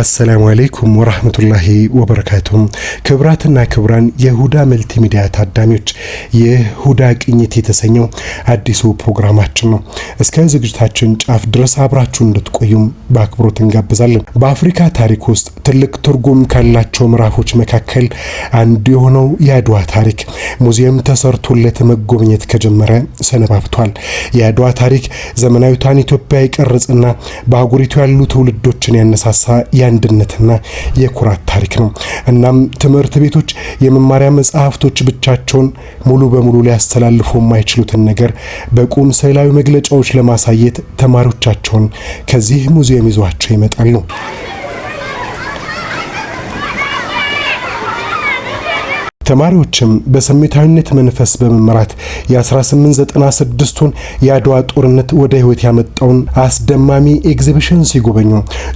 አሰላሙ አሌይኩም ወራህመቱላሂ ወበረካቱም። ክብራትና ክብራን የሁዳ መልቲ ሚዲያ ታዳሚዎች የሁዳ ቅኝት የተሰኘው አዲሱ ፕሮግራማችን ነው። እስከ ዝግጅታችን ጫፍ ድረስ አብራችሁ እንድትቆዩም በአክብሮት እንጋብዛለን። በአፍሪካ ታሪክ ውስጥ ትልቅ ትርጉም ካላቸው ምዕራፎች መካከል አንዱ የሆነው የአድዋ ታሪክ ሙዚየም ተሰርቶለት መጎብኘት ከጀመረ ሰነባብቷል። የአድዋ ታሪክ ዘመናዊቷን ኢትዮጵያ የቀረጽና በአህጉሪቱ ያሉ ትውልዶችን ያነሳሳ የተነሳ የአንድነትና የኩራት ታሪክ ነው። እናም ትምህርት ቤቶች የመማሪያ መጽሐፍቶች ብቻቸውን ሙሉ በሙሉ ሊያስተላልፉ የማይችሉትን ነገር በቁም ስዕላዊ መግለጫዎች ለማሳየት ተማሪዎቻቸውን ከዚህ ሙዚየም ይዟቸው ይመጣሉ። ተማሪዎችም በስሜታዊነት መንፈስ በመምራት የ1896ቱን የአድዋ ጦርነት ወደ ህይወት ያመጣውን አስደማሚ ኤግዚቢሽን ሲጎበኙ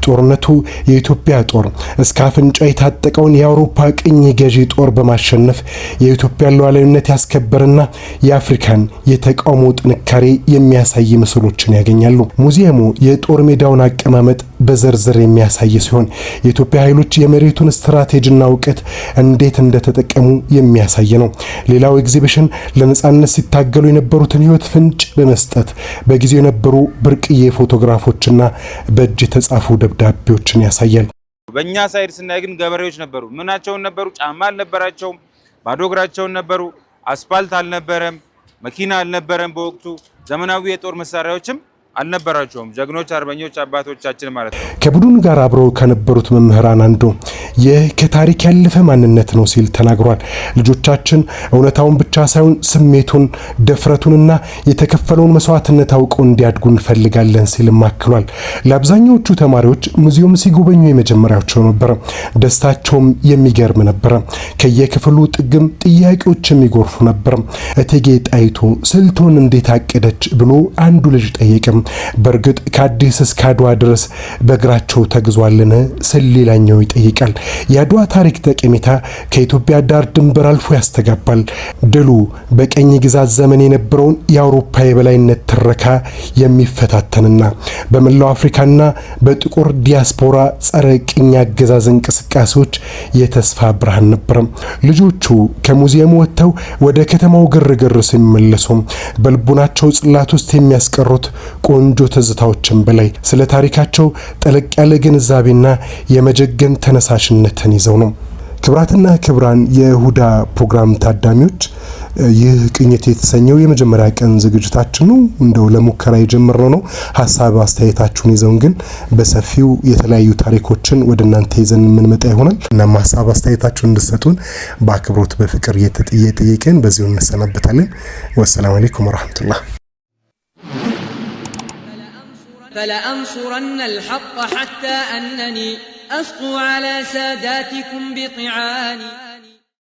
ጦርነቱ የኢትዮጵያ ጦር እስከ አፍንጫ የታጠቀውን የአውሮፓ ቅኝ ገዢ ጦር በማሸነፍ የኢትዮጵያን ሉዓላዊነት ያስከበርና የአፍሪካን የተቃውሞ ጥንካሬ የሚያሳይ ምስሎችን ያገኛሉ። ሙዚየሙ የጦር ሜዳውን አቀማመጥ በዝርዝር የሚያሳይ ሲሆን የኢትዮጵያ ኃይሎች የመሬቱን ስትራቴጂና እውቀት እንዴት እንደተጠቀሙ የሚያሳይ ነው። ሌላው ኤግዚቢሽን ለነጻነት ሲታገሉ የነበሩትን ህይወት ፍንጭ በመስጠት በጊዜው የነበሩ ብርቅዬ ፎቶግራፎችና በእጅ የተጻፉ ደብዳቤዎችን ያሳያል። በእኛ ሳይድ ስናይ ግን ገበሬዎች ነበሩ። ምናቸውን ነበሩ? ጫማ አልነበራቸውም። ባዶ እግራቸውን ነበሩ። አስፓልት አልነበረም። መኪና አልነበረም። በወቅቱ ዘመናዊ የጦር መሳሪያዎችም አልነበራቸውም። ጀግኖች አርበኞች አባቶቻችን ማለት ነው። ከቡድኑ ጋር አብረው ከነበሩት መምህራን አንዱ ይህ ከታሪክ ያለፈ ማንነት ነው ሲል ተናግሯል። ልጆቻችን እውነታውን ብቻ ሳይሆን ስሜቱን፣ ደፍረቱንና የተከፈለውን መስዋዕትነት አውቀው እንዲያድጉ እንፈልጋለን ሲል ማክሏል። ለአብዛኛዎቹ ተማሪዎች ሙዚየም ሲጎበኙ የመጀመሪያቸው ነበረ። ደስታቸውም የሚገርም ነበረ። ከየክፍሉ ጥግም ጥያቄዎች የሚጎርፉ ነበረ። እቴጌ ጣይቱ ስልቶን እንዴት አቀደች ብሎ አንዱ ልጅ ጠየቅም። በእርግጥ ከአዲስ እስከ አድዋ ድረስ በእግራቸው ተግዟልን ስል ሌላኛው ይጠይቃል። የአድዋ ታሪክ ጠቀሜታ ከኢትዮጵያ ዳር ድንበር አልፎ ያስተጋባል። ድሉ በቀኝ ግዛት ዘመን የነበረውን የአውሮፓ የበላይነት ትረካ የሚፈታተንና በመላው አፍሪካና በጥቁር ዲያስፖራ ጸረ ቅኝ አገዛዝ እንቅስቃሴዎች የተስፋ ብርሃን ነበረም። ልጆቹ ከሙዚየሙ ወጥተው ወደ ከተማው ግርግር ሲመለሱ በልቡናቸው ጽላት ውስጥ የሚያስቀሩት ቆንጆ ትዝታዎችን በላይ ስለ ታሪካቸው ጠለቅ ያለ ግንዛቤና የመጀገን ተነሳሽነትን ይዘው ነው። ክብራትና ክብራን የሁዳ ፕሮግራም ታዳሚዎች፣ ይህ ቅኝት የተሰኘው የመጀመሪያ ቀን ዝግጅታችን ነው። እንደው ለሙከራ የጀመርነው ነው። ሀሳብ አስተያየታችሁን ይዘውን ግን በሰፊው የተለያዩ ታሪኮችን ወደ እናንተ ይዘን የምንመጣ ይሆናል። እናም ሀሳብ አስተያየታችሁን እንድሰጡን በአክብሮት በፍቅር እየተጠየቅን በዚሁ እንሰናበታለን። ወሰላም አሌይኩም ወረህመቱላህ فلأنصرن الحق حتى أنني أسقو على ساداتكم بطعاني